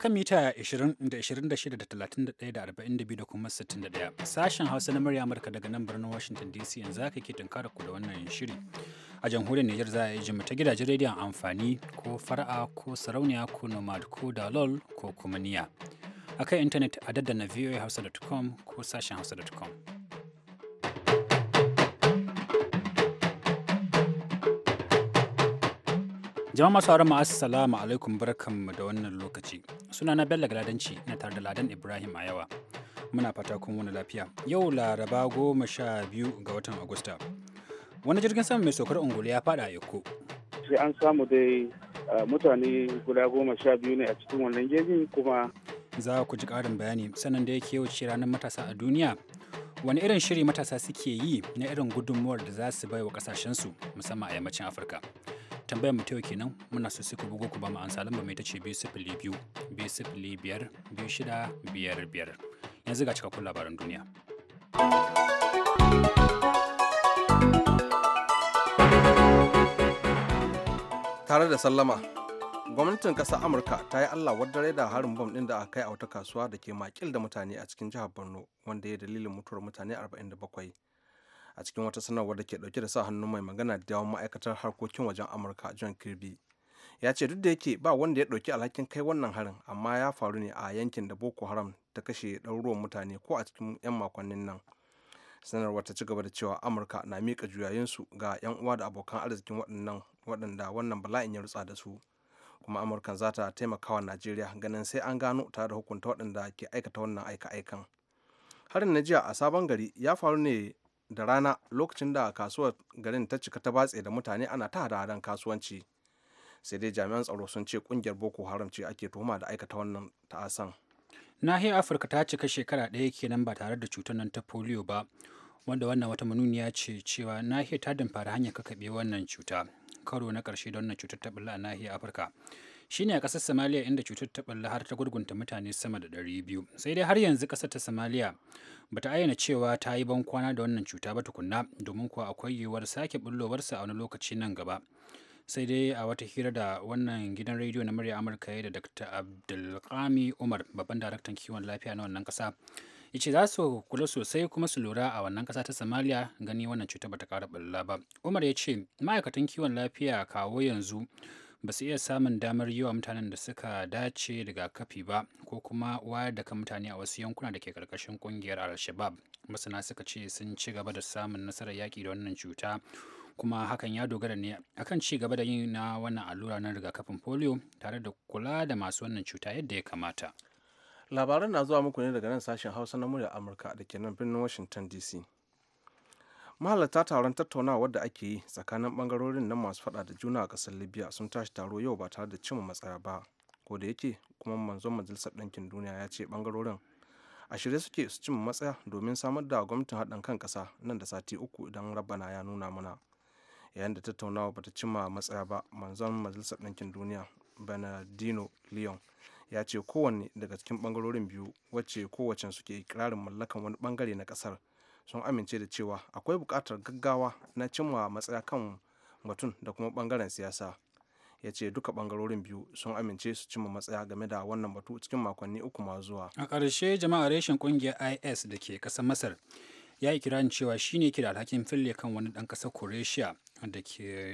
akan mita 20 da 26 da 31 da 42 da kuma 61 sashen hausa na murya amurka daga nan birnin washington dc yanzu haka ke tunkara ku da wannan shiri a jamhuriyar niger za a yi ta gidajen rediyon amfani ko fara'a ko sarauniya ko nomad ko dalol ko kuma niya akan intanet a daddana voahausa.com ko sashen hausa.com Jama'a masu haramu assalamu alaikum mu da wannan lokaci. suna na Bello Galadanci na tare da Ladan Ibrahim a yawa. Muna fata kun wani lafiya. Yau Laraba goma sha biyu ga watan Agusta. Wani jirgin sama mai saukar ungulu ya fada a Yoko. Sai an samu dai mutane guda goma sha biyu ne a cikin wannan jirgin kuma. Za ku ji ƙarin bayani sanan da yake wuce ranar matasa a duniya. Wani irin shiri matasa suke yi na irin gudunmuwar da za su bai wa ƙasashensu musamman a yammacin Afirka. tambayar mu yau kenan muna so su ku ku ba mu ansa lamba mai tace biyu sifili biyu biyu sifili biyar biyu shida biyar biyar yanzu ga cikakkun labaran duniya. Tare da sallama, gwamnatin ƙasar Amurka ta yi Allah wadare da harin bom ɗin da aka kai a wata kasuwa da ke makil da mutane a cikin jihar Borno wanda ya dalilin mutuwar mutane 47. a cikin wata sanarwar da ke dauke da sa hannu mai magana da yawan ma'aikatar harkokin wajen amurka john kirby ya ce duk da yake ba wanda ya ɗauki alhakin kai wannan harin amma ya faru ne a yankin da boko haram ta kashe ɗaruruwan mutane ko a cikin 'yan makonnin nan sanarwar ta ci gaba da cewa amurka na miƙa juyayensu ga 'yan uwa da abokan arzikin waɗannan waɗanda wannan bala'in ya rutsa da su kuma amurkan za ta taimaka wa najeriya ganin sai an gano tare da hukunta waɗanda ke aikata wannan aika-aikan harin na jiya a sabon gari ya faru ne da rana lokacin da kasuwar garin ta cika ta batse da mutane ana ta hada kasuwanci sai dai jami'an tsaro sun ce kungiyar boko haram ce ake tuhuma da aikata wannan ta'asan nahiyar afirka ta cika shekara ɗaya kenan ba tare da cutar nan ta polio ba wanda wannan wata manuniya ce cewa nahiyar ta damfara hanyar kakaɓe wannan cuta karo na karshe don wannan cutar ta bulla a nahiyar afirka shine a ƙasar Somalia inda cutar ta ɓalla har ta gurgunta mutane sama da 200. Sai dai har yanzu ƙasar ta Somalia bata ayyana cewa ta yi ban kwana da wannan cuta ba tukunna domin kuwa akwai yiwuwar sake bullowarsa a wani lokaci nan gaba. sai dai a wata hira da wannan gidan rediyo na murya amurka ya da dr abdulkami umar babban daraktan kiwon lafiya na wannan kasa ya ce za su kula sosai kuma su lura a wannan kasa ta somalia gani wannan cuta bata ƙara balla ba umar ya ce ma'aikatan kiwon lafiya kawo yanzu ba su iya samun damar yi wa mutanen da suka dace daga kafi ba ko kuma wayar da kan mutane a wasu yankuna da ke karkashin kungiyar al-shabab masana suka ce sun ci gaba da samun nasarar yaƙi da wannan cuta kuma hakan ya dogara ne akan ci gaba da yin na wannan allura na rigakafin polio tare da kula da masu wannan cuta yadda ya kamata labaran na zuwa muku ne daga nan sashen hausa na murya amurka da ke nan birnin washington dc mahalarta taron tattaunawa da ake yi tsakanin bangarorin na masu fada da juna a kasar libya sun tashi taro yau ba tare da cimma matsaya ba ko da yake kuma manzon majalisar ɗinkin duniya ya ce bangarorin a shirye suke su cimma matsaya domin samar da gwamnatin haɗin kan kasa nan da sati uku idan rabana ya nuna mana yayin da tattaunawa bata cimma matsaya ba manzon majalisar ɗinkin duniya benedino leon ya ce kowanne daga cikin bangarorin biyu wacce kowacen suke ikirarin mallakan wani bangare na ƙasar sun amince da cewa akwai bukatar gaggawa na cimma matsaya kan batun da kuma bangaren siyasa ya ce duka bangarorin biyu sun amince su cimma matsaya game da wannan batu cikin makonni uku ma zuwa a ƙarshe jama'a reshen ƙungiyar is da ke ƙasar masar ya yi kiran cewa shine ke da alhakin fille kan wani ɗan ƙasar croatia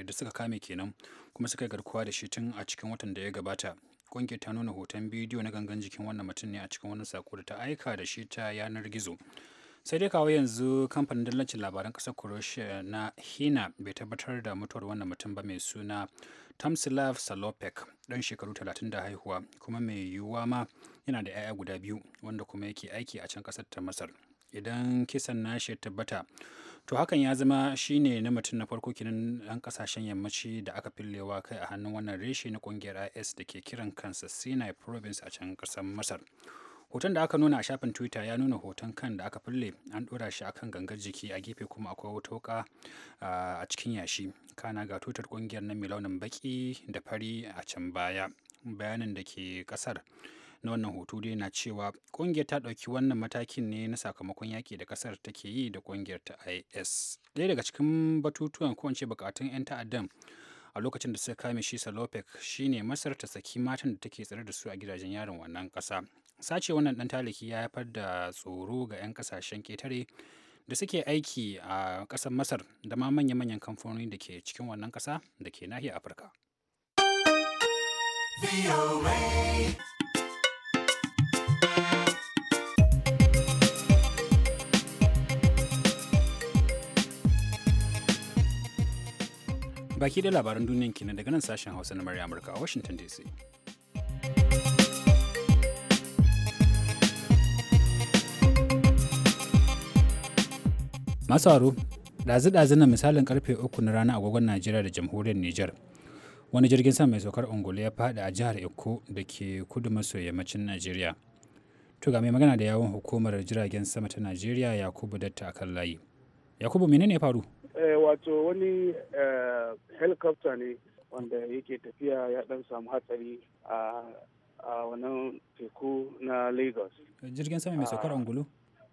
da suka kame kenan kuma suka garkuwa da shi tun a cikin watan da ya gabata ƙungiyar ta nuna hoton bidiyo na gangan jikin wannan mutum ne a cikin wani sako da ta aika da shi ta yanar gizo sai dai kawo yanzu kamfanin dallacin labaran kasar croatia na hina bai tabbatar da mutuwar wannan mutum ba mai suna tamsilav salopek dan shekaru 30 da haihuwa kuma mai yiwuwa ma yana da 'ya'ya guda biyu wanda kuma yake aiki a can kasar ta masar idan kisan nashi ya tabbata to hakan ya zama shine na mutum na farko kinan dan ƙasashen yammaci da aka fillewa kai a hannun wannan reshe na kungiyar is da ke kiran kansa sinai province a can kasar masar hoton da aka nuna a shafin twitter ya nuna hoton kan da aka fille an dora shi akan gangar jiki a gefe kuma akwai wata wuka a cikin yashi kana ga tutar kungiyar nan mai launin baki da fari a can baya bayanin da ke kasar na wannan hoto dai na cewa kungiyar ta ɗauki wannan matakin ne na sakamakon yaki da kasar take yi da kungiyar ta is ɗaya daga cikin batutuwan ko ce bukatun 'yan ta'addan a lokacin da suka kame shi salopec shine masar ta saki matan da take tsare da su a gidajen yaron wannan ƙasa sace wannan dan taliki ya haifar da tsoro ga 'yan kasashen ketare da suke aiki a ƙasar masar da ma manya-manyan kamfanoni da ke cikin wannan ƙasa da ke nahiyar afirka baki da labaran duniyan kenan daga nan sashen hausa na murya amurka a washington dc masu haro ɗazu-ɗazu na misalin karfe uku na rana agogon najeriya da jamhuriyar Nijar, wani jirgin sama mai saukar ungulu ya faɗi a jihar eko da ke kudu maso yammacin najeriya to ga mai magana da yawon hukumar jiragen sama ta najeriya yakubu datta akan layi yakubu menene ya faru eh, wato wani eh, helicopter ne wanda yake tafiya ya dan samu hatsari a wannan teku na lagos jirgin sama mai saukar ah. ungulu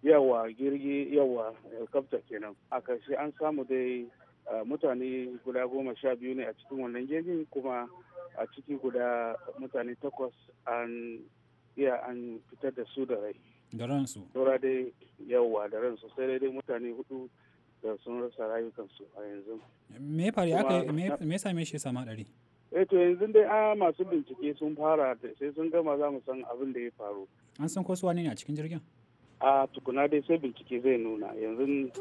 yawa girgi yawa helicopter kenan a karshe an samu dai mutane guda goma sha biyu ne a cikin wannan jirgin kuma a ciki guda mutane takwas an iya an fitar da su da rai da ransu saura dai yawa da ransu sai dai mutane hudu da sun rasa rayukansu a yanzu me fari aka me same shi sama hadari E, eh, to yanzu dai a masu bincike sun fara sai sun gama za mu san abin da ya faru an san ko su ne a cikin jirgin a tukuna dai sai bincike zai nuna yanzu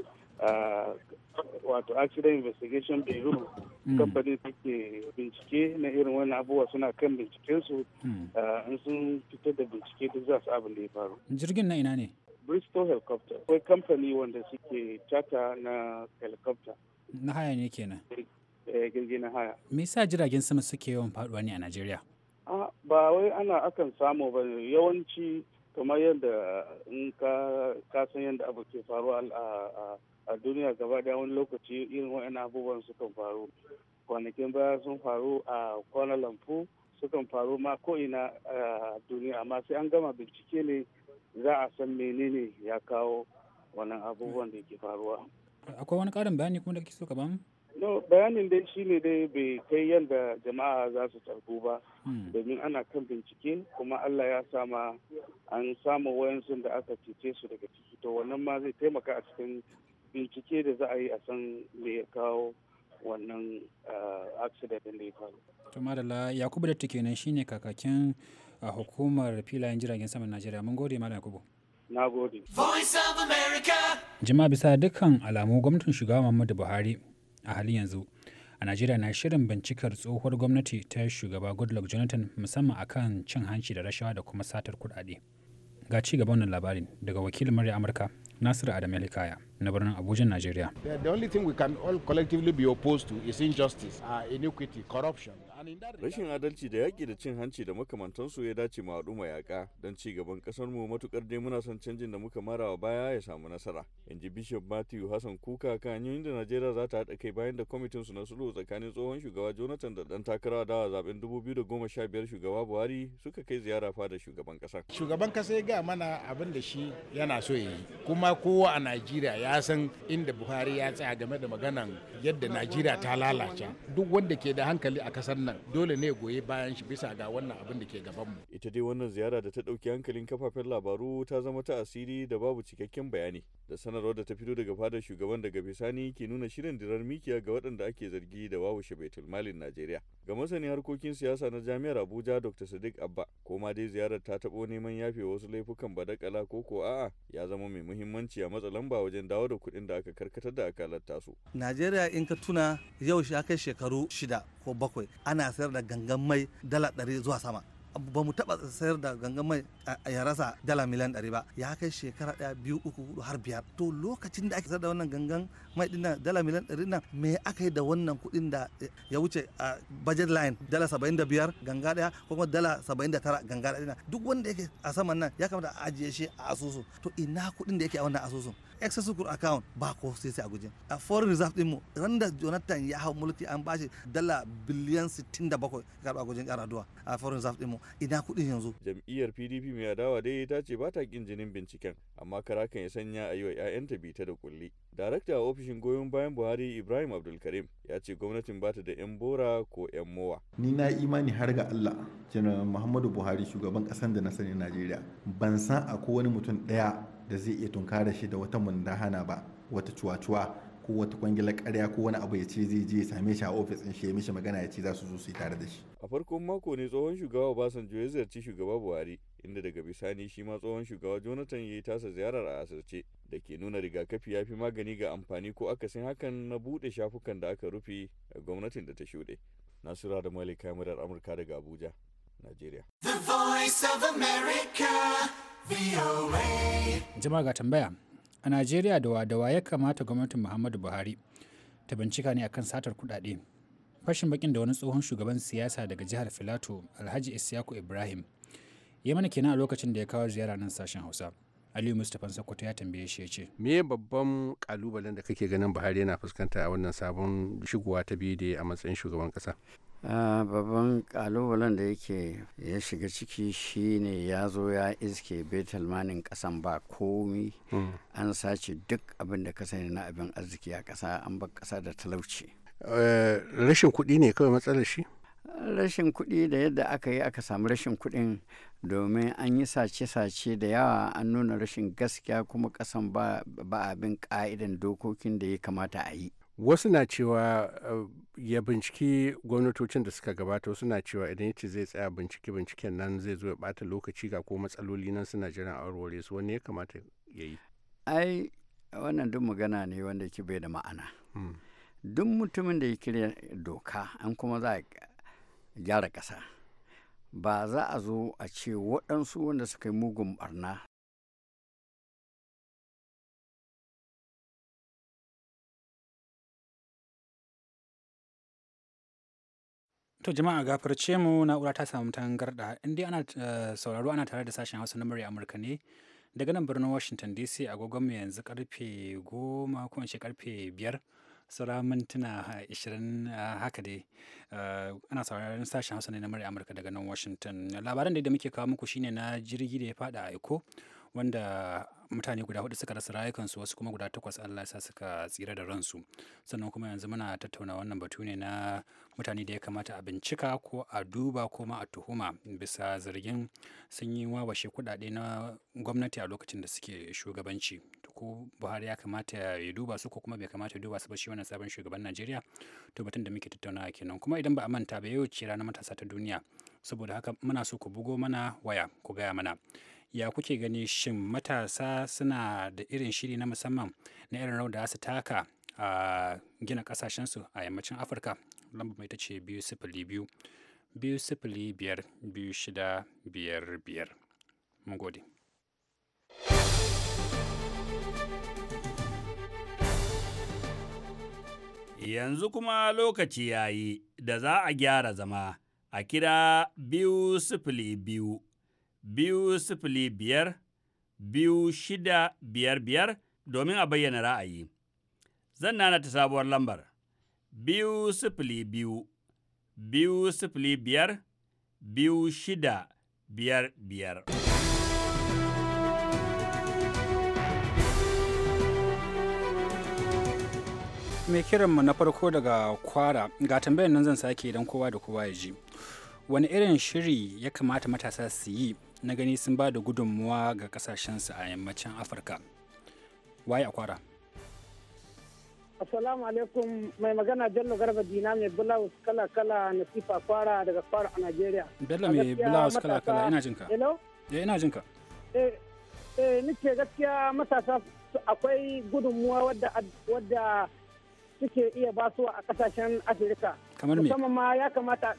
wato accident investigation bureau mm. kamfanin take bincike na irin wani abubuwa suna kan bincikensu mm. in sun fitar da bincike duk za su abin da ya faru jirgin na ina ne bristol helicopter akwai kamfani wanda suke chata na helicopter na haya ne kenan eh, eh, jirgin na haya me yasa jiragen sama suke yawan faduwa ne a najeriya ba wai ana akan samu ba yawanci kamar yadda in ka san yadda abu ke faruwa a duniya gaba daya wani lokaci irin wa'in abubuwan sukan faru kwanakin baya sun faru a kwana lamfu sukan faru ma ko'ina a duniya amma sai an gama bincike ne za a san menene ya kawo wannan abubuwan da ke faruwa akwai wani karin bayani kuma da kake so ka bamu No, bayanin dai shine dai bai kai yadda jama'a za su tarbu ba, hmm. domin ana kan bincike kuma Allah ya sama an samu wayansu da aka cece su daga ciki to wannan ma zai taimaka a cikin bincike da za a yi a san me ya kawo wannan ah, accident da ya faru. To madalla Yakubu da shi shine kakakin ah, hukumar filayen jiragen saman Najeriya. Mun gode Malam Yakubu. Na gode. Jama'a bisa dukkan alamu gwamnatin shugaba Muhammadu Buhari a halin yanzu a najeriya na shirin bincikar tsohuwar gwamnati ta shugaba goodluck jonathan musamman akan cin hanci da rashawa da kuma satar kudade ga ci gaban wannan labarin daga wakilin murya amurka nasiru adam yalikaya na birnin abuja najeriya the only we can all collectively be opposed is injustice uh, iniquity corruption Rashin adalci da yaƙi da cin hanci da makamantansu ya dace mu al'umma yaƙa don ci gaban ƙasar mu matuƙar dai muna son canjin da muka mara wa baya ya samu nasara. In ji Bishop Matthew Hassan Kuka kan hanyoyin da Najeriya za ta haɗa kai bayan da kwamitin su na sulhu tsakanin tsohon shugaba Jonathan da dan takara dawa zaben 2015 shugaba Buhari suka kai ziyara fada shugaban ƙasa. Shugaban kasa ya ga mana abin da shi yana so ya yi kuma kowa a Najeriya ya san inda Buhari ya tsaya game da maganan yadda Najeriya ta lalace duk wanda ke da hankali a kasar nan wannan dole ne goyi bayan shi bisa ga wannan abin da ke gaban mu. Ita dai wannan ziyara da ta ɗauki hankalin kafafen labaru ta zama ta asiri da babu cikakken bayani. Da sanarwar da ta fito daga fadar shugaban daga bisani ke nuna shirin dirar mikiya ga waɗanda ake zargi da wawushe baitul malin Najeriya. Ga masani harkokin siyasa na jami'ar Abuja Dr. Sadiq Abba, ko ma dai ziyarar ta taɓo neman yafe wasu laifukan badakala ko ko a'a ya zama mai muhimmanci a matsa lamba wajen dawo da kuɗin da aka karkatar da akalar tasu. Najeriya in ka tuna yau shi aka shekaru shida ko bakwai ana sayar da gangan mai dala ɗari zuwa sama ba mu taɓa sayar da gangan mai ya rasa dala miliyan ɗari ba ya kai shekara ɗaya biyu uku hudu har biyar to lokacin da ake sayar da wannan gangan mai ɗin dala miliyan ɗari nan me aka yi da wannan kuɗin da ya wuce a budget line dala saba'in da biyar ganga ɗaya ko kuma dala saba'in da tara ganga ɗaya duk wanda yake a saman nan ya kamata a ajiye shi a asusu to ina kuɗin da yake a wannan asusun excess sukuru account ba ko sai sai a guje a foreign reserve din mu randa jonathan ya hau mulki an bashi dala biliyan 67 karba gujin karaduwa a foreign reserve din mu ina kudin yanzu jam'iyyar pdp mai adawa dai ta ce ba ta kin jinin binciken amma karakan ya sanya a yi wa 'ya'yanta bita da kulli darakta a ofishin goyon bayan buhari ibrahim abdulkarim ya ce gwamnatin ba ta da 'yan bora ko 'yan mowa ni na imani har ga allah general muhammadu buhari shugaban kasan da na sani najeriya ban san akwai wani mutum daya da zai iya tunkara shi da wata hana ba wata cuwa-cuwa ko wata kwangilar karya ko wani abu ya ce zai je ya same shi a ofis din shi ya mishi magana ya ce za su zo su yi tare da shi. A farkon mako ne tsohon shugaba Obasanjo ya ziyarci shugaba Buhari inda daga bisani shi ma tsohon shugaba Jonathan ya yi tasa ziyarar a asirce da ke nuna rigakafi ya fi magani ga amfani ko akasin hakan na buɗe shafukan da aka rufe a gwamnatin da ta shuɗe. Nasura da mali Murar Amurka daga Abuja, Najeriya. The Voice of America. jama'a ga tambaya a najeriya da wadawa ya kamata gwamnatin muhammadu buhari ta bincika ne akan satar kudade fashin bakin da wani tsohon shugaban siyasa daga jihar filato alhaji isyaku ibrahim ya mana kenan a lokacin da ya kawo ziyara nan sashen hausa aliyu mustapha sokoto ya tambaye shi ya ce me babban kalubalen da kake ganin buhari yana fuskanta a wannan sabon shigowa ta biyu da a matsayin shugaban kasa Ah, babban kalubalen da yake ya shiga ciki shine ya zo ya iske betalmanin kasan ba komi hmm. an sace duk abin da ka sani na abin arziki a kasa an ba kasa da talauci eh, rashin kuɗi ne kawai matsalar shi rashin kuɗi da yadda aka yi aka samu rashin kuɗin domin an yi sace-sace da yawa an nuna rashin gaskiya kuma kasan ba abin ka'idan dokokin da ya kamata a yi wasu na cewa eh, ya binciki gwamnatocin da suka gabata wasu na cewa idan yace zai tsaya bincike binciken nan zai zo ya bata lokaci ga ko matsaloli nan suna jiran aurore su wani ya kamata ya yi ai wannan duk magana ne wanda ke bai da ma'ana hmm. duk mutumin da ya kire doka an kuma za a gyara kasa ba za a zo a ce waɗansu wanda suka yi mugun barna To jama'a gafarce mu na'ura ta samu tangarda inda ana eh, sauraro ana tare da sashen Hausa na murya Amurka ne daga nan birnin Washington DC agogon mu yanzu karfe goma ko in ce karfe biyar saura mintuna ishirin ah, haka dai eh, ana sauraron sashen Hausa ne na murya Amurka daga nan Washington labaran da muke kawo muku shine na jirgi da ya fada a Eko wanda mutane guda hudu suka rasa rayukansu wasu kuma guda takwas Allah sa suka tsira da ransu sannan kuma yanzu muna tattauna wannan batu ne na mutane da ya kamata a bincika ko a duba ko ma a tuhuma bisa zargin sun yi wawashe kudade na gwamnati a lokacin da suke shugabanci ko Buhari ya kamata ya duba su ko kuma bai kamata ya duba su ba shi wannan sabon shugaban Najeriya to batun da muke tattaunawa kenan kuma idan ba a manta ba yau ce rana matasa ta duniya saboda haka muna so ku bugo mana waya ku gaya mana ya kuke gani shin matasa suna da irin shiri na musamman na irin rawar da su taka a gina kasashensu a yammacin afirka lamba mai ta ce biyu sifili biyu biyu sifili biyar biyu shida biyar biyar mun gode yanzu kuma lokaci ya yi da za a gyara zama a kira biyu sifili biyu biyu sifili biyar biyu shida biyar biyar domin a bayyana ra'ayi. Zan nana ta sabuwar lambar biyu sifili biyu biyu sifili biyar biyu shida biyar biyar. mai kiranmu na farko daga kwara ga tambayar nan zan sake idan kowa da kowa ya ji wani irin shiri ya kamata matasa su yi na gani sun ba da gudunmuwa ga kasashensu a yammacin afirka waye a kwara assalamu alaikum mai magana jallo garba dina mai blouse kala kala na sifa kwara daga kwara a nigeria bello mai blouse kala kala ina jinka hello eh ina jinka eh eh nake gaskiya matasa akwai gudunmuwa wadda wadda suke iya basuwa a kasashen afirka kamar me kuma ma ya kamata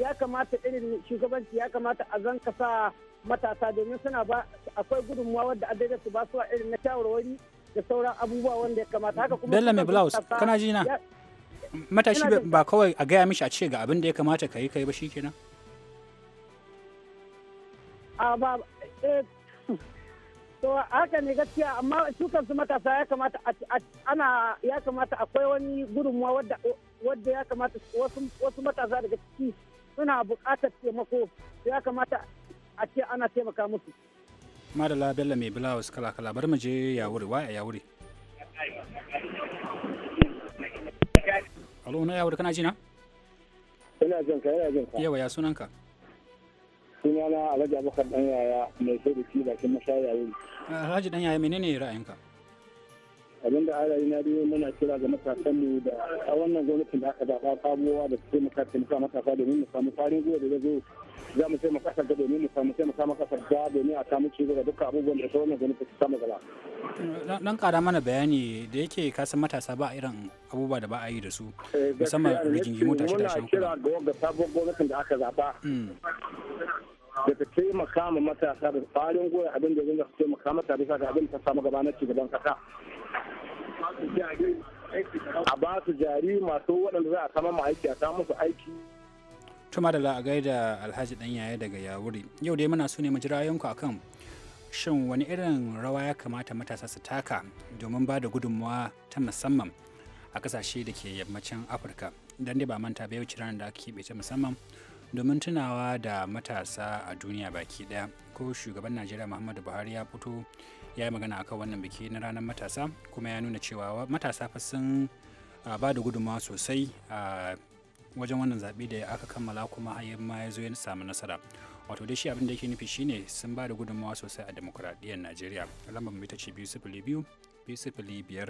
ya kamata irin shugabanci ya kamata a zanka sa matasa domin suna ba akwai gudunmuwa wadda a daidai su ba su irin na shawarwari da sauran abubuwa wanda ya kamata haka kuma Bello mai blouse kana ji na matashi ba kawai a gaya mishi a ce ga abin da ya kamata kai kai ba shikenan a ba eh, to haka ne gaskiya amma su matasa ya kamata ana ya kamata akwai wani gudunmuwa wadda wadda ya kamata wasu matasa daga ciki suna buƙatar taimako ya kamata a ce ana taimaka musu. Madala Bello mai Bulawus kala-kala bar mu je wuri wa a wuri. Alo na wuri kana ji na? Ina jin ka ina jin ka. Yawa ya sunan ka? Sunana Alhaji Abubakar dan yaya mai sai da bakin mashaya yawuri. Alhaji dan yaya menene ra'ayinka? abin da ala na biyu muna kira ga mu da a wannan gwamnatin da aka zaɓa sabuwa da su taimaka taimaka matasa domin mu samu farin gwiwa da zai zo za mu taimaka kasar da domin mu samu taimaka samu kasar da domin a samu ci gaba duka abubuwan da ita wannan gwamnati ta samu gaba. dan kara mana bayani da yake kasan matasa ba irin abubuwa da ba a yi da su eh, musamman rigingimu tashi tashi. Muna kira ga sabon gwamnatin da aka zaɓa. Mm. da ta taimaka ma matasa da tsarin goya abin da zai taimaka mata bisa ga abin ta samu gaba na cigaban kasa a ba su jari masu waɗanda za a sama ma aiki a samu su aiki tuma da la'agai da alhaji dan yaya daga yawuri yau dai muna so ne mu jira yanku akan shin wani irin rawa ya kamata matasa su taka domin ba da gudunmawa ta musamman a kasashe da ke yammacin afirka don dai ba manta bai wuce ranar da ake ta musamman domin tunawa da matasa a duniya baki ɗaya ko shugaban najeriya muhammadu buhari ya fito ya yi magana akan wannan biki na ranar matasa kuma ya nuna cewa matasa fa sun ba da gudunmawa sosai a wajen wannan zaɓe da aka kammala kuma har ma ya zo ya samu nasara wato dai shi abin da yake nufi shine sun ba da gudunmawa sosai a demokuraɗiyyar najeriya lambar mu ta ce biyu sifili biyu biyu sifili biyar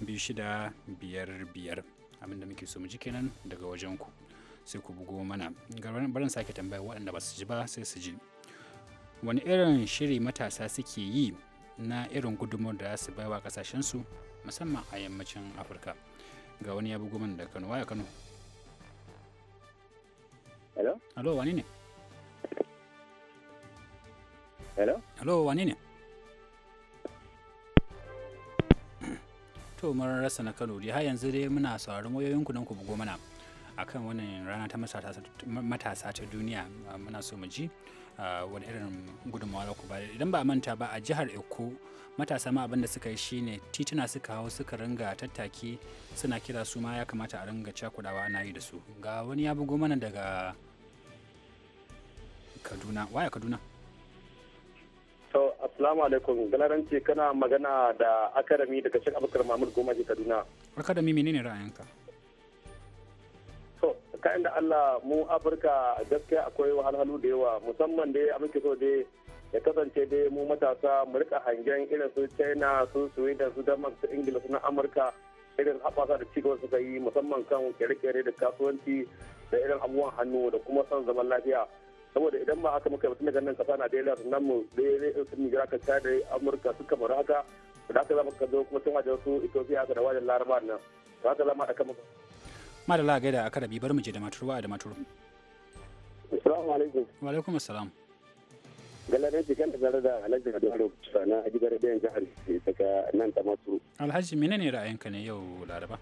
biyu shida biyar biyar abin da muke so mu ji kenan daga wajen ku sai ku bugo mana barin sake tambaya waɗanda ba su ji ba sai su ji wani irin shiri matasa suke yi na irin gudunmawar da su baiwa ƙasashensu musamman a yammacin afirka ga wani ya bugo mana da kano waya kano hello hello wani ne hello hello wani ne to mun rasa na kano dai har yanzu dai muna sauraron wayoyinku don ku bugo mana akan wannan rana ta matasa ta duniya ah, muna so mu ji ah, wani irin gudunmawa da ku ba idan ba manta ba a jihar Eko matasa ma abinda da suka yi shine tituna suka hau suka ringa tattaki suna kira su ma ya kamata a ringa cakudawa ana yi da su ga wani ya bugo mana daga Kaduna waya Kaduna To, Assalamu alaikum, galaranci kana magana da akarami daga cikin Abubakar Mahmud Goma Kaduna. Akarami menene ra'ayinka? kayan da Allah mu Afirka gaskiya akwai wahalhalu da yawa musamman dai a muke so dai ya kasance dai mu matasa mu rika hangen irin su China su Sweden su Denmark su Ingila su na Amurka irin haɓasa da cigaba suka yi musamman kan kere-kere da kasuwanci da irin abubuwan hannu da kuma son zaman lafiya saboda idan ba haka muka yi mutum nan kasa na da Najeriya sannan mu dai sun yi ka ta da Amurka suka mara haka da haka za mu ka zo kuma sun hajjar su Ethiopia da wajen Laraba nan za ka zama haɗa kan madala gaida a karabi bar mu je da maturu a da maturu assalamu alaikum wa alaikum assalam galarin jikin da zara da alhaji da dole na da radiyon jihar daga nan ta maturu alhaji menene ra'ayinka ne yau laraba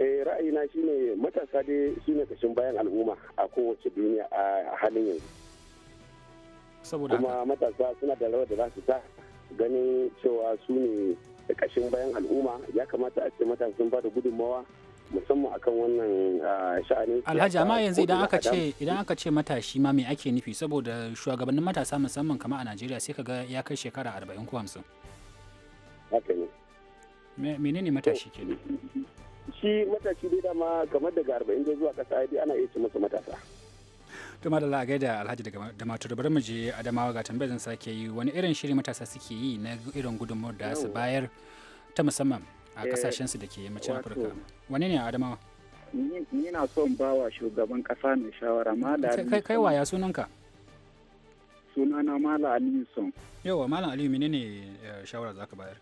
eh ra'ayina shine matasa dai shine kashin bayan al'umma a kowace duniya a halin yanzu saboda kuma matasa suna da rawar da za su ta ganin cewa su ne kashin bayan al'umma ya kamata a ce matasa sun ba da gudunmawa musamman akan wannan ah, sha'anin alhaji amma yanzu idan aka ce idan aka ce matashi ma me ake nufi saboda shugabannin matasa musamman kama a najeriya sai kaga ya kai shekara arba'in ko hamsin haka ne menene matashi ke shi matashi dai dama kamar daga arba'in da zuwa kasa dai ana iya ce masa matasa to madalla a gaida alhaji daga da matur bari mu je adamawa ga tambayar zan sake yi wani irin shiri matasa suke yi na irin gudunmawar da su bayar ta musamman a kasashensu da ke yammacin eh, afirka wane ne adamawa ni na son ba wa shugaban kasa mai shawara malami kai waya sunanka sunana malam aliyu son yawa malam aliyu ne eh, shawara za ka bayar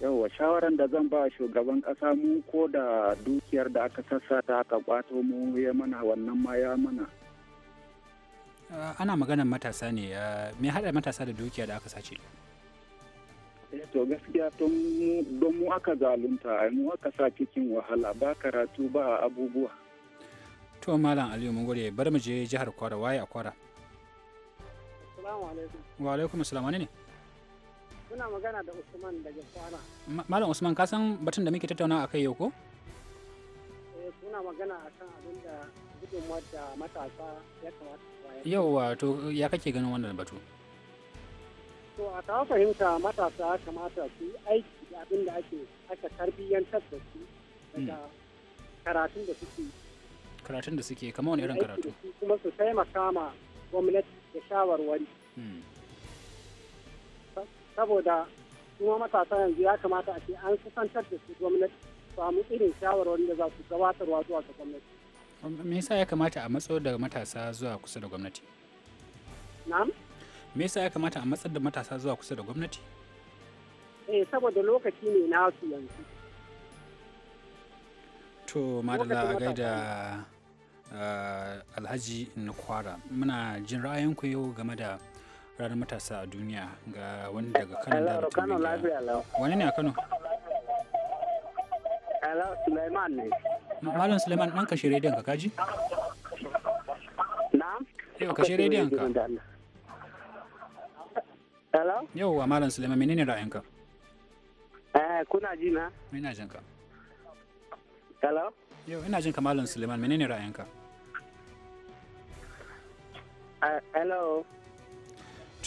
yawa shawaran da zan ba shugaban kasa mu ko da dukiyar da aka ta aka kwato mu ya mana wannan ma ya mana ah, ana maganar matasa ne ah, me hada matasa da dukiya da aka sace Eh, to gaskiya don mu aka zalunta mu aka sa cikin wahala ba karatu ba abubuwa to malam aliyu mun gode bar mu je jihar kwara waye a kwara wa alaikum assalam ne suna magana da usman daga kwara malam usman ka san batun da muke tattauna a kai yau ko Yau, eh, magana akan abin da da matasa ya kamata yauwa to ya kake ganin wannan batu to a ta fahimta matasa kamata su yi aiki da abin da ake aka tarbiyyantar da su hmm. daga karatun da suke karatun da suke kamar wani irin karatu kuma su taimaka ma gwamnati da shawarwari hmm. saboda kuma matasa yanzu ya kamata a ce an kusantar da su gwamnati samu irin shawarwari da za su gabatarwa zuwa ga gwamnati um, me yasa ya kamata a matso daga matasa zuwa kusa da gwamnati na'am me yasa ya kamata a matsar da matasa zuwa kusa da gwamnati eh saboda lokaci ne na su yanzu to madalla a gaida alhaji nukwara muna jin ra'ayinku yau game da ranar matasa a duniya ga wani daga kano da wani ne a kano Suleiman ne. Malam Suleiman ɗan kashe rediyon ka kaji? Na? Yau kashe rediyon ka. Hello? Yauwa Malam Suleiman menene ra'ayinka? Eh kuna ji na? Ina jin ka. Hello? Yau ina jin ka Malam Suleiman menene ra'ayinka? Uh, hello.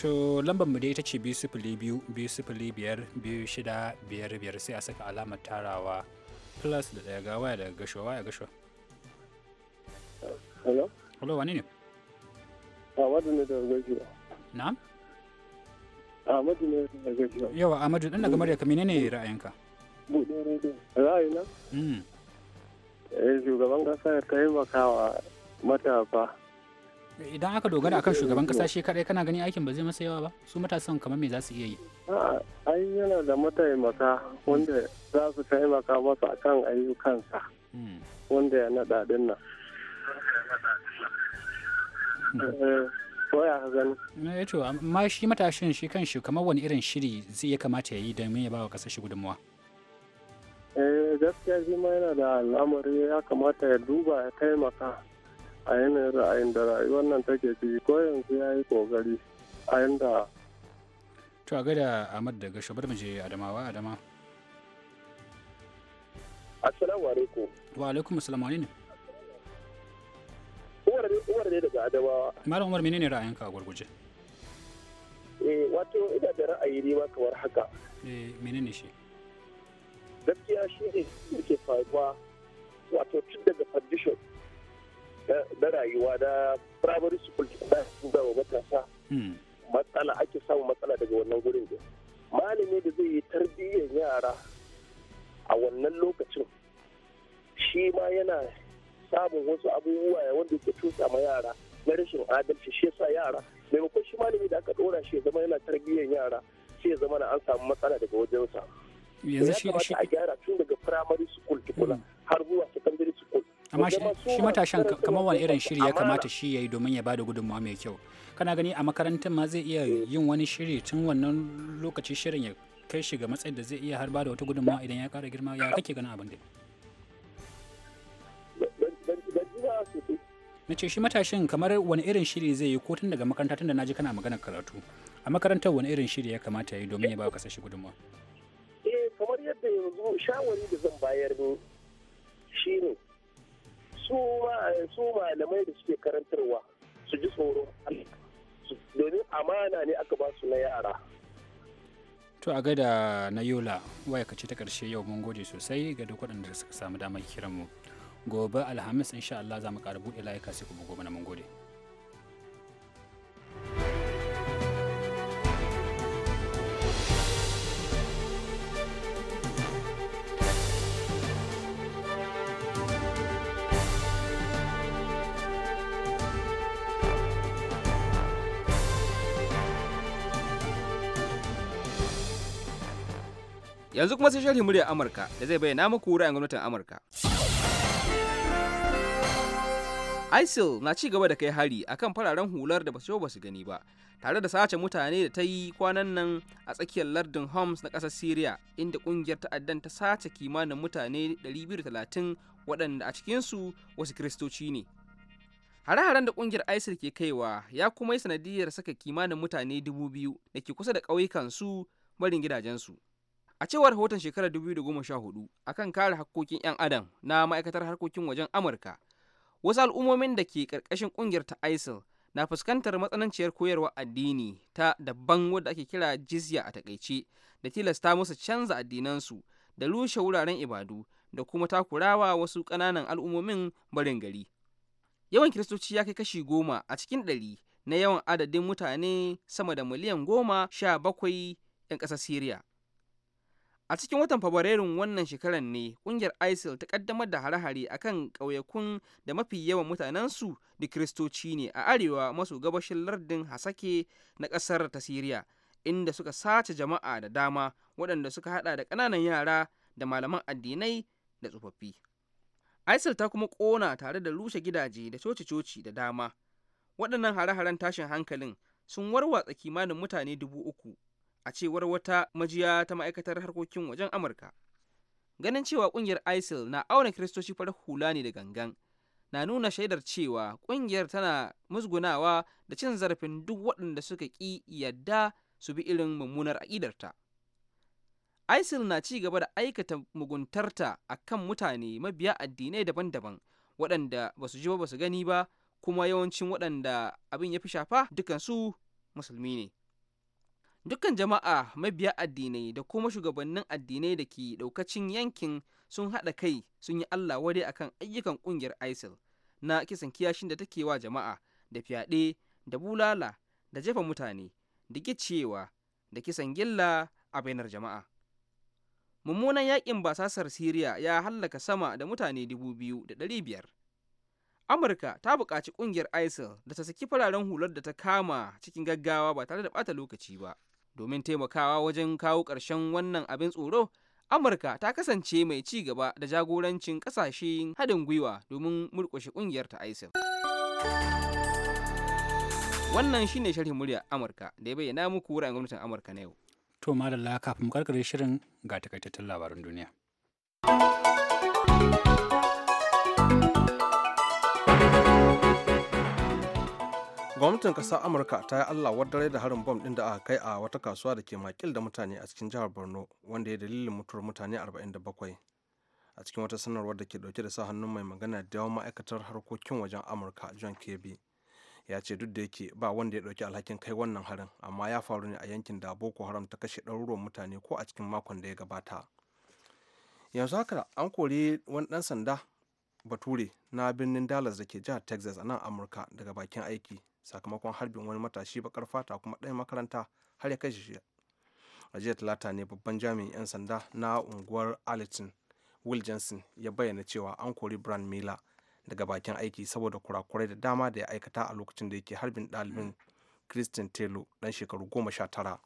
To lambar mu dai ita ce biyu sifili biyu biyu sifili biyar biyu shida biyar biyar sai a saka alamar tarawa plus da ɗaya ga waya daga gashuwa waya gashuwa. Hello? Hello wani ne? A eh, wadda ne daga gashuwa. Na'am? Ahmadu ne daga Gajiya. Yawa Ahmadu ɗan daga Maryaka menene ra'ayinka? Buɗe rediyo. Ra'ayina? Hmm. Eh, shugaban ƙasa ya taimaka wa matafa. Idan aka dogara akan shugaban ƙasa shi kaɗai kana gani aikin ba zai masa yawa ba? Su matasan kamar me za su iya yi? Ai yana da mataimaka wanda za su taimaka masa akan ayyukansa. Hmm. Wanda ya naɗa ɗin nan. Hmm. Eh, Waya ka gani. Eh to amma shi matashin shi kan shi kamar wani irin shiri zai ya kamata ya yi domin ya ba wa kasar shi gudunmuwa. Eh gaskiya shi ma yana da al'amari ya kamata ya duba ya taimaka a yanayin ra'ayin da rayuwar nan take ciki ko yanzu ya yi kokari a yanda. To a gada Ahmad daga mu je Adamawa Adama. Assalamu alaikum. Wa alaikum assalam ne. umar ne daga adabawa malam umar a gurguje eh wato ina da ra'ayi ne ma kamar haka eh menene shi gaskiya shi ne ke faruwa wato tun daga foundation na rayuwa na primary school da da wa matasa hmm. matsala ake samun matsala daga wannan gurin da malami da zai yi tarbiyyar yara a wannan lokacin shi ma yana samun wasu abubuwa ya wanda ke tusa ma yara na rashin adalci shi yasa yara maimakon shi malami da aka dora shi ya zama yana tarbiyyar yara shi ya zama na an samu matsala daga wajensa yanzu shi shi a gyara tun daga primary school tukuna mm. har zuwa secondary school amma shi matashan kamar wani irin shiri ya kamata shi yayi domin ya bada gudunmawa mai kyau kana gani a makarantar ma zai iya eh. yin wani shiri tun wannan lokaci shirin ya kai shi ga matsayin da zai iya har bada wata gudunmawa idan ya kara girma ya kake ganin abin da na ce shi matashin kamar wani irin shiri zai yi ko tun daga makaranta tun da naji kana magana karatu a makarantar wani irin shiri ya kamata ya yi domin ya ba kasar shi gudunmawa eh kamar yadda yanzu shawari da zan bayar ne su malamai da suke karantarwa su ji tsoron domin amana ne aka ba su na yara to a gaida na yola waya ce ta karshe yau mun gode sosai ga duk waɗanda suka samu damar kiran mu gobe alhamis insha Allah za mu ƙara buɗe layuka sai kuma gobe na mun gode. yanzu kuma sai shirin muryar Amurka da zai bayyana muku ra'ayin gwamnatin Amurka. isil na ci gaba da kai hari akan fararen hular da basu ba su gani ba tare da sace mutane da ta yi kwanan nan a tsakiyar lardin homs na ƙasar syria inda kungiyar ta'addan ta sace kimanin mutane 230 waɗanda a cikinsu wasu kiristoci ne hare-haren da kungiyar isil ke kaiwa ya kuma yi sanadiyar saka kimanin mutane 2000 da ke kusa da su barin gidajensu a cewar rahoton shekarar 2014 akan kare hakkokin 'yan adam na ma'aikatar harkokin wajen amurka wasu al'ummomin da ke ƙarƙashin ƙungiyar ta isil na fuskantar matsananciyar koyarwa addini ta daban wadda ake kira jizya a takaice da tilasta musu canza addinansu da rushe wuraren ibadu da kuma takurawa wasu ƙananan al'ummomin barin gari yawan kiristoci ya kai kashi goma a cikin ɗari na yawan adadin mutane sama da miliyan goma sha bakwai 'yan ƙasar Siriya. a cikin watan fabrairun wannan shekarar ne kungiyar isil ta kaddamar da hare-hare kan ƙauyakun da mafi yawan mutanensu da kiristoci ne a arewa maso gabashin lardin hasake na ƙasar ta siriya inda suka sace jama'a da dama waɗanda suka hada da ƙananan yara da malaman addinai da tsofaffi isil ta kuma ƙona tare da rushe gidaje da coci-coci da dama waɗannan hare-haren tashin hankalin sun warwatsa kimanin mutane dubu uku a cewar wata majiya ta ma'aikatar harkokin wajen amurka ganin cewa ƙungiyar isil na auna kiristoci farar hula ne da gangan na nuna shaidar cewa ƙungiyar tana musgunawa da cin zarafin duk waɗanda suka ƙi yadda su bi irin mummunar aƙidarta isil na ci gaba da aikata muguntarta a kan mutane mabiya addinai daban-daban waɗanda ba su ji ba su gani ba kuma yawancin waɗanda abin ya fi shafa dukansu musulmi ne dukkan jama'a mabiya addinai da kuma shugabannin addinai da ke daukacin yankin sun haɗa kai sun yi allah a kan ayyukan ƙungiyar isil na kisan kiyashin da take wa jama'a da fyaɗe da bulala da jefa mutane da gicewa da kisan gilla a bainar jama'a mummunan yaƙin basasar siriya ya hallaka sama da mutane dubu biyar amurka ta buƙaci ƙungiyar isil da ta saki fararen hular da ta kama cikin gaggawa ba tare da ɓata lokaci ba domin taimakawa wajen kawo ƙarshen wannan abin tsoro amurka ta kasance mai ci gaba da jagorancin ƙasashen haɗin gwiwa domin murƙushe ƙungiyar ta isil wannan shine sharhin murya amurka da ya bayyana muku wuraren gwamnatin amurka na yau to madalla kafin karkare shirin ga takaitattun labaran duniya gwamnatin ƙasar amurka ta yi allah wadare da harin bom din da aka kai a wata kasuwa da ke makil da mutane a cikin jihar borno wanda ya dalilin mutuwar mutane 47 a cikin wata sanarwar da ke dauke da sa hannun mai magana da yawan ma'aikatar harkokin wajen amurka john kirby ya ce duk da yake ba wanda ya dauki alhakin kai wannan harin amma ya faru ne a yankin da boko haram ta kashe ɗaruruwan mutane ko a cikin makon da ya gabata yanzu haka an kori wani dan sanda bature na birnin dallas da ke jihar texas a nan amurka daga bakin aiki sakamakon harbin wani matashi bakar fata kuma ɗaya makaranta har ya kashe shi a jiya talata ne babban jami'in 'yan sanda na unguwar alitin will jensen ya bayyana cewa an kori brand miller daga bakin aiki saboda kurakurai da dama da ya aikata a lokacin da yake harbin ɗalibin christian taylor ɗan shekaru goma sha tara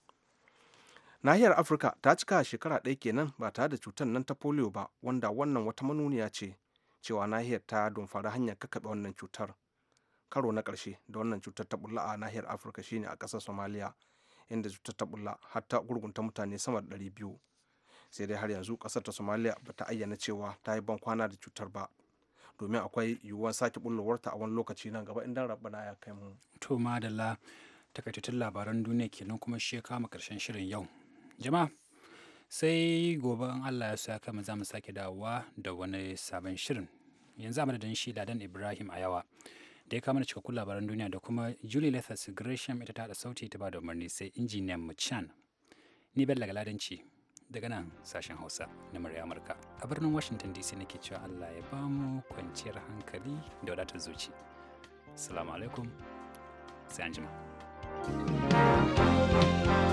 nahiyar afirka ta cika shekara ɗaya kenan ba tare da cutar nan ta polio ba wanda wannan wata manuniya ce cewa nahiyar ta dumfari hanyar kakaɓe wannan cutar karo na karshe da wannan cutar ta bulla a nahiyar afirka shine a ƙasar somaliya inda cutar ta bulla har gurgunta mutane sama da ɗari biyu sai dai har yanzu ƙasar ta somaliya ba ta ayyana cewa ta yi ban kwana da cutar ba domin akwai yiwuwar sake bullowarta a wani lokaci nan gaba rabba rabana ya kai mu to madalla takaitattun labaran duniya kenan kuma shi ya kama karshen shirin yau jama'a sai gobe in allah ya sa kama za mu sake dawowa da wani sabon shirin yanzu a madadin shi ladan ibrahim a yawa da ya kama da cikakkun labaran duniya da kuma Julie Lethers Gresham ita ta da sauti ta ba da umarni sai injiniyan mu ni Ni bella Galadanci daga nan sashen Hausa na murya Amurka a birnin Washington DC na ke cewa Allah ya ba mu kwanciyar hankali da wadatar zuci. Assalamu alaikum sai anjima. thank you